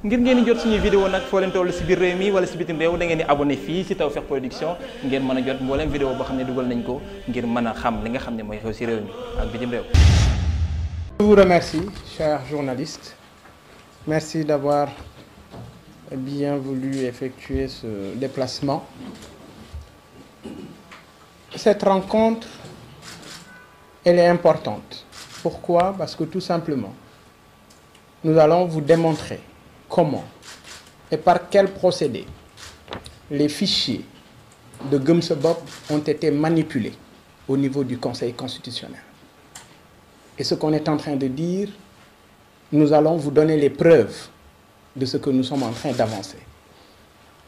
ngir ngeen di jot suñuy vidéo nag foo leen toll si biir réew mi wala si bitim réew da ngeen di abonné fii si Tawfekh Production ngeen mën a jot mbooleem vidéo boo xam ne dugal nañ ko ngir mën a xam li nga xam ne mooy xew si réew mi ak bitim réew. Je vous remercie, chers journalistes. Merci d'avoir bien voulu effectuer ce déplacement. Cette rencontre, elle est importante. Pourquoi? Parce que tout simplement, nous allons vous démontrer comment et par quel procédé les fichiers de Gëm Sa Bopp ont été manipulés au niveau du Conseil constitutionnel. Et ce qu'on est en train de dire, nous allons vous donner les preuves de ce que nous sommes en train d'avancer.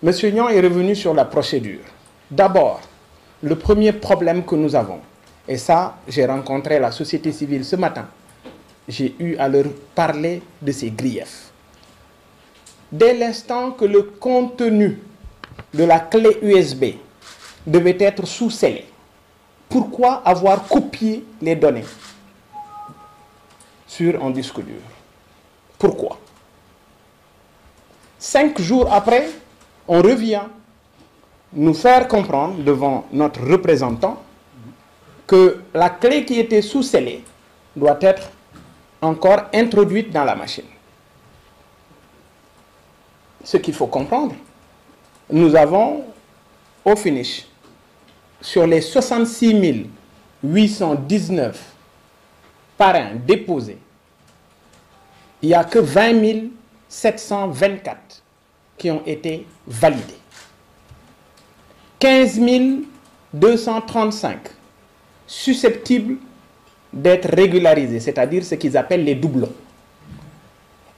Monsieur Niang est revenu sur la procédure. D'abord, le premier problème que nous avons, et ça, j'ai rencontré la société civile ce matin, j'ai eu à leur parler de ces griefs. dès l'instant que le contenu de la clé USB devait être sous-scellé. Pourquoi avoir copié les données sur un disque dur Pourquoi Cinq jours après, on revient nous faire comprendre devant notre représentant que la clé qui était sous-scellée doit être introduite dans la machine. ce qu'il faut comprendre, nous avons au finish, sur les 66 819 parrains déposés, il n'y a que 20 724 qui ont été validés. 15 235 susceptibles d'être régularisés, c'est-à-dire ce qu'ils appellent les doublons.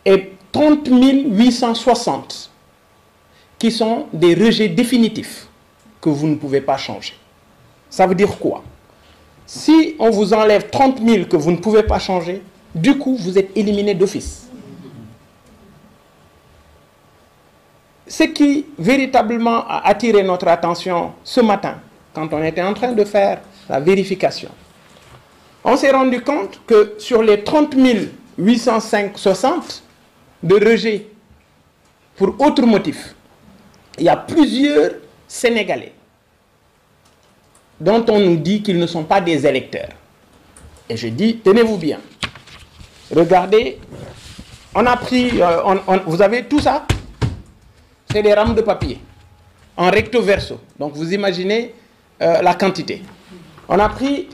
Et 30 860 qui sont des rejets définitifs que vous ne pouvez pas changer. Ça veut dire quoi Si on vous enlève 30 000 que vous ne pouvez pas changer, du coup, vous êtes éliminé d'office. Ce qui véritablement a attiré notre attention ce matin, quand on était en train de faire la vérification, on s'est rendu compte que sur les 30 de rejet pour autre motif. Il y a plusieurs Sénégalais dont on nous dit qu'ils ne sont pas des électeurs. Et je dis, tenez-vous bien. Regardez, on a pris, euh, on, on, vous avez tout ça C'est des rames de papier en recto verso. Donc vous imaginez euh, la quantité. On a pris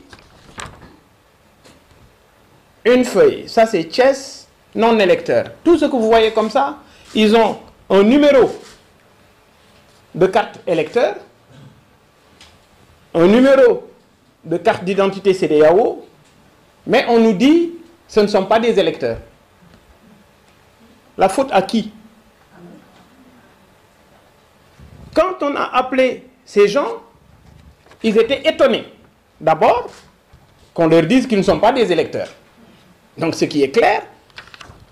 une feuille. Ça c'est Chess non électeurs. Tout ce que vous voyez comme ça, ils ont un numéro de carte électeur, un numéro de carte d'identité CDAO, mais on nous dit ce ne sont pas des électeurs. La faute à qui Quand on a appelé ces gens, ils étaient étonnés. D'abord, qu'on leur dise qu'ils ne sont pas des électeurs. Donc ce qui est clair,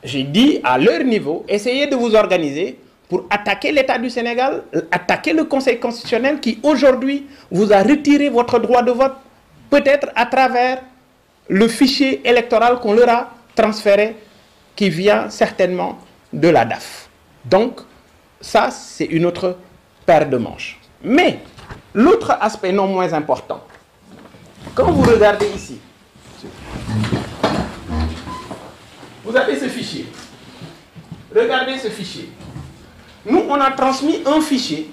j'ai dit à leur niveau, essayez de vous organiser pour attaquer l'État du Sénégal, attaquer le Conseil constitutionnel qui aujourd'hui vous a retiré votre droit de vote, peut-être à travers le fichier électoral qu'on leur a transféré, qui vient certainement de la DAF. Donc, ça, c'est une autre paire de manches. Mais, l'autre aspect non moins important, quand vous regardez ici, Vous avez ce fichier. Regardez ce fichier. Nous, on a transmis un fichier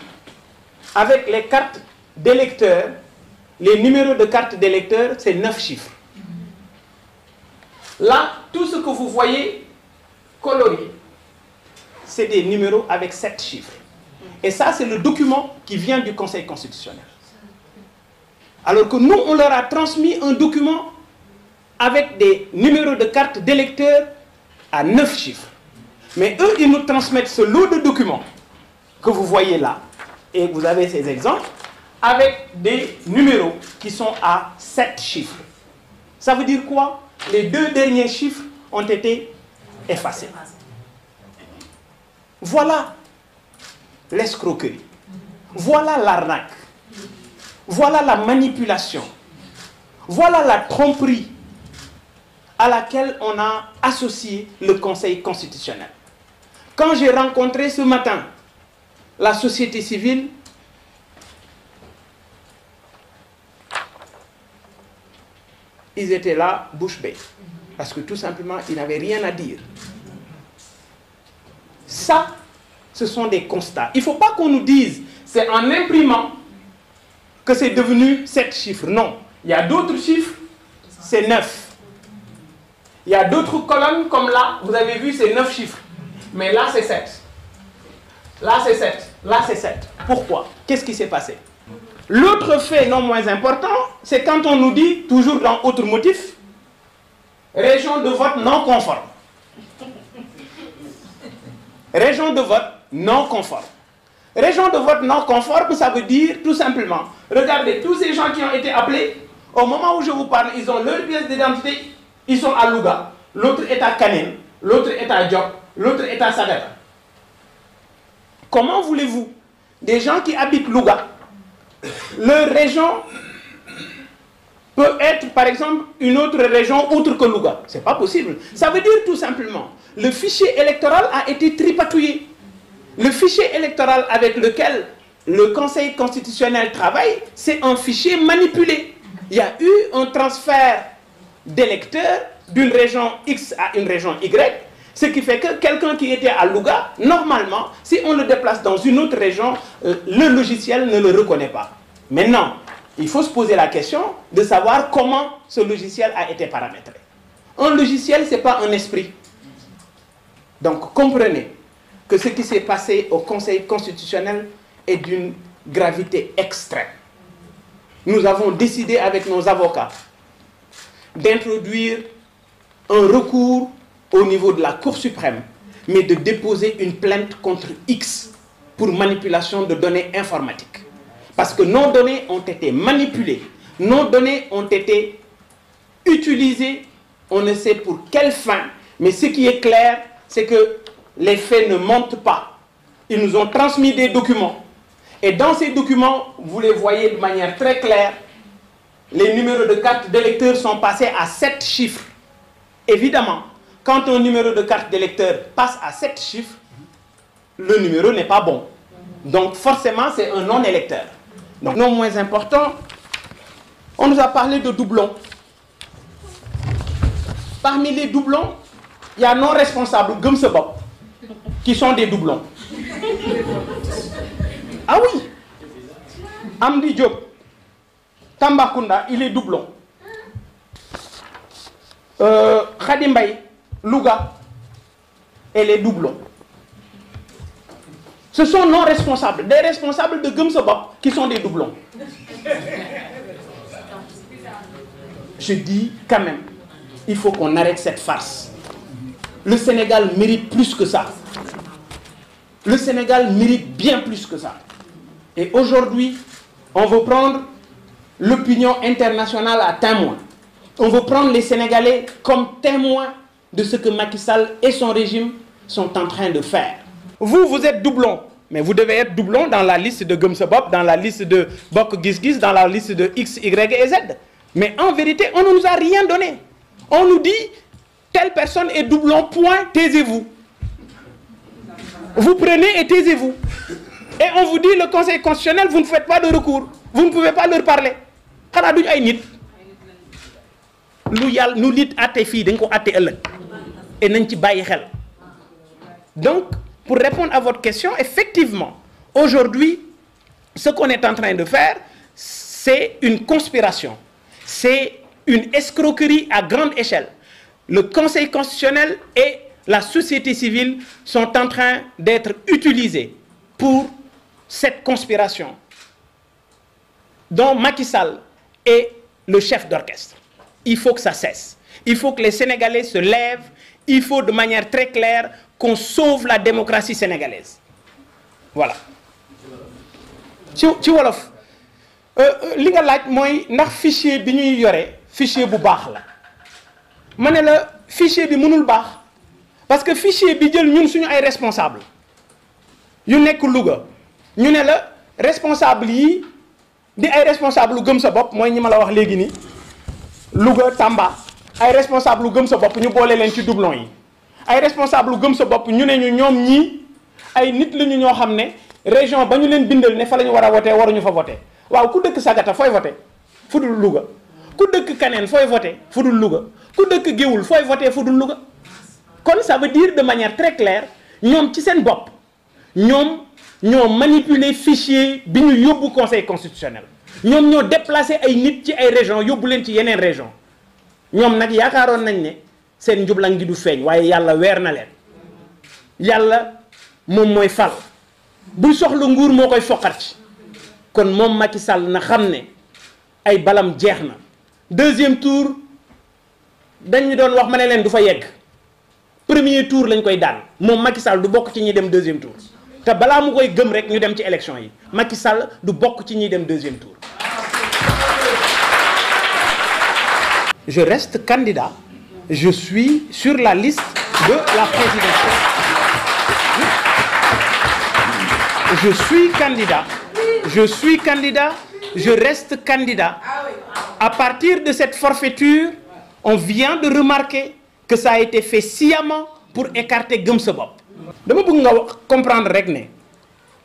avec les cartes d'électeurs, les numéros de cartes d'électeurs, c'est 9 chiffres. Là, tout ce que vous voyez colorié, c'est des numéros avec 7 chiffres. Et ça, c'est le document qui vient du Conseil constitutionnel. Alors que nous, on leur a transmis un document avec des numéros de cartes d'électeurs à neuf chiffres. Mais eux, ils nous transmettent ce lot de documents que vous voyez là. Et vous avez ces exemples avec des numéros qui sont à sept chiffres. Ça veut dire quoi Les deux derniers chiffres ont été effacés. Voilà l'escroquerie. Voilà l'arnaque. Voilà la manipulation. Voilà la tromperie à laquelle on a associé le Conseil constitutionnel. Quand j'ai rencontré ce matin la société civile, ils étaient là, bouche bée. Parce que tout simplement, ils n'avaient rien à dire. Ça, ce des constats. Il ne faut pas qu'on nous dise, c'est en imprimant que c'est devenu 7 chiffres. Non, il y a d'autres chiffres, c'est 9. Il y a d'autres colonnes comme là, vous avez vu, c'est 9 chiffres. Mais là, c'est 7. Là, c'est 7. Là, c'est 7. Pourquoi Qu'est-ce qui s'est passé L'autre fait non moins important, c'est quand on nous dit, toujours dans autre motif, région de vote non conforme. Région de vote non conforme. Région de vote non conforme, ça veut dire tout simplement, regardez, tous ces gens qui ont été appelés, au moment où je vous parle, ils ont leur pièce d'identité, Ils sont à Louga, l'autre est à Kanine, l'autre est à Diop, l'autre est à Sagata. Comment voulez-vous des gens qui habitent Louga, leur région peut être par exemple une autre région autre que Louga. C'est pas possible. Ça veut dire tout simplement, le fichier électoral a été tripatouillé. Le fichier électoral avec lequel le Conseil constitutionnel travaille, c'est un fichier manipulé. Il y a eu un transfert d'électeurs d'une région X à une région Y, ce qui fait que quelqu'un qui était à luga normalement, si on le déplace dans une autre région, euh, le logiciel ne le reconnaît pas. Maintenant, il faut se poser la question de savoir comment ce logiciel a été paramétré. Un logiciel, ce pas un esprit. Donc comprenez que ce qui s'est passé au Conseil constitutionnel est d'une gravité extrême. Nous avons décidé avec nos avocats d'introduire un recours au niveau de la Cour suprême, mais de déposer une plainte contre X pour manipulation de données informatiques. Parce que nos données ont été manipulées, nos données ont été utilisées, on ne sait pour quelle fin, mais ce qui est clair, c'est que les faits ne mentent pas. Ils nous ont transmis des documents. Et dans ces documents, vous les voyez de manière très claire, les numéros de carte d'électeur sont passés à sept chiffres. Évidemment, quand un numéro de carte d'électeur passe à sept chiffres, le numéro n'est pas bon. Donc forcément, c'est un non-électeur. non moins important, on nous a parlé de doublons. Parmi les doublons, il y a non responsables, Gumsebop, qui sont des doublons. Ah oui Amdi Diop, Tambacounda il est doublon euh, Khady Mbaye Louga elle est doublon ce sont nos responsables des responsables de Gëm sa bopp qui sont des doublons je dis quand même il faut qu'on arrête cette farce le Sénégal mérite plus que ça le Sénégal mérite bien plus que ça et aujourd'hui on veut prendre l'opinion internationale à témoin. On veut prendre les Sénégalais comme témoins de ce que Macky et son régime sont en train de faire. Vous, vous êtes doublon, mais vous devez être doublon dans la liste de Gumsebop, dans la liste de Bok Gizgiz, dans la liste de X, Y et Z. Mais en vérité, on ne nous a rien donné. On nous dit, telle personne est doublon, point, taisez-vous. Vous prenez et taisez-vous. Et on vous dit, le Conseil constitutionnel, vous ne faites pas de recours. Vous ne pouvez pas xanaa duñu ay nit lu yàlla nu nit àtte fii dañ ko àtte e et nañ ci bàyyi xel donc pour répondre à votre question effectivement aujourd'hui ce qu'on est en train de faire c'est une conspiration c'est une escroquerie à grande échelle le Conseil constitutionnel et la société civile sont en train d'être utilisés pour cette conspiration dont Macky et le chef d'orchestre. Il faut que ça cesse. Il faut que les Sénégalais se lèvent. Il faut de manière très claire qu'on sauve la démocratie sénégalaise. Voilà. ci ci wolof euh, euh, li nga laaj mooy ndax fichier bi ñuy yore fichier bu baax la ma ne la fichier bi mënul baax parce que fichier bi jël ñun suñu ay responsable yu nekk Louga ñu ne la responsable yi di ay responsable lu gëm sa bopp mooy ñi ma la wax léegi nii Louga Tamba ay responsable lu gëm sa bopp ñu boole leen ci dublon yi ay responsable gëm sa bopp ñu ne ñu ñoom ñii ay nit lañu ñoo xam ne région ba ñu leen bindal ne fa la ñu war a voté waruñu fa voté waaw ku dëkk Sagata fooy vote fu dul Louga ku dëkk Kaneen fooy voté fu dul Louga ku dëkk Géwul fooy voté fu dul Louga kon ça veut dire de manière très claire ñoom ci seen bopp. ñoom ñoo manipuler fichier bi ñu yóbbu conseil constitutionnel ñoom ñoo déplacé ay nit ci ay région yóbbu leen ci yeneen région ñoom nag yaakaaroon nañ ne seen njublan gi du feeñ waaye yàlla weer na leen yàlla moom mooy fal buy soxla nguur moo koy foqat ci kon moom Macky Sall na xam ne ay balam jeex na deuxième tour dañu doon wax ma ne leen du fa yegg premier tour lañ koy daan moom Macky Sall du bokk ci ñi dem deuxième tour te balaa mu koy gëm rek ñu dem ci élection yi Macky Sall du bokk ci ñuy dem deuxième tour. je reste candidat je suis sur la liste de la présidentielle je suis candidat je suis candidat je reste candidat à partir de cette forfaiture on vient de remarquer que ça a été fait sciemment pour écarter Gëm sa bopp dama bëgg nga wax comprendre rek ne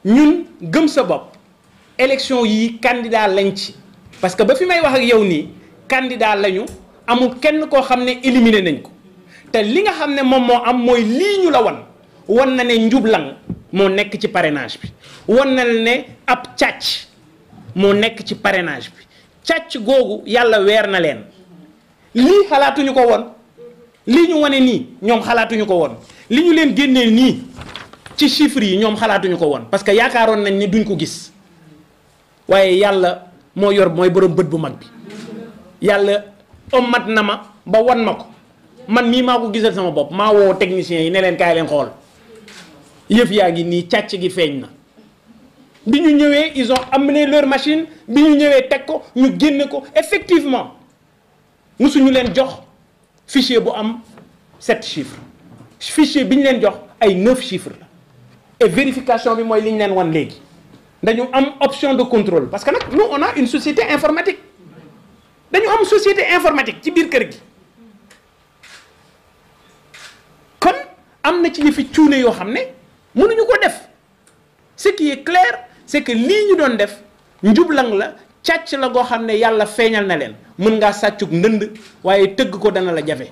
ñun gëm sa bopp élection yi candidat lañ ci parce que ba fi may wax ak yow nii candidat lañu amul kenn koo xam ne éliminé nañ ko te li nga xam ne moom moo am mooy lii ñu la wan wan na ne njublang moo nekk ci parrainage bi wan na ne ab càcc moo nekk ci parrainage bi càcc googu yàlla weer na leen lii xalaatuñu ko woon lii ñu wane nii ñoom xalaatuñu ko woon li ñu leen génnee nii ci chiffres yi ñoom xalaatuñu ko woon parce que yaakaaroon nañ ni duñ ko gis waaye yàlla moo yor mooy borom bët bu mag bi yàlla ommat na ma ba wan ma ko man mii maa ko gisal sama bopp maa woo techniciens yi ne leen kaay leen xool yëf yaa ngi nii càcc gi feeñ na bi ñu ñëwee ison ont amené leur machine bi ñu ñëwee teg ko ñu génne ko effectivement musuñu leen jox fichier bu am sept chiffres fichier bi ñu leen jox ay neuf chiffres la et vérification bi mooy li ñu leen wan léegi dañu am option de contrôle parce que nag nous on a une société informatique dañu am société informatique ci biir kër gi kon am na ci yëfi cuune yoo xam ne mënuñu ko def ce qui est clair c'est que lii ñu doon def njublang la càcc la goo xam ne yàlla feeñal na leen mën ngaa sàccug ndënd waaye tëgg ko dana la jafe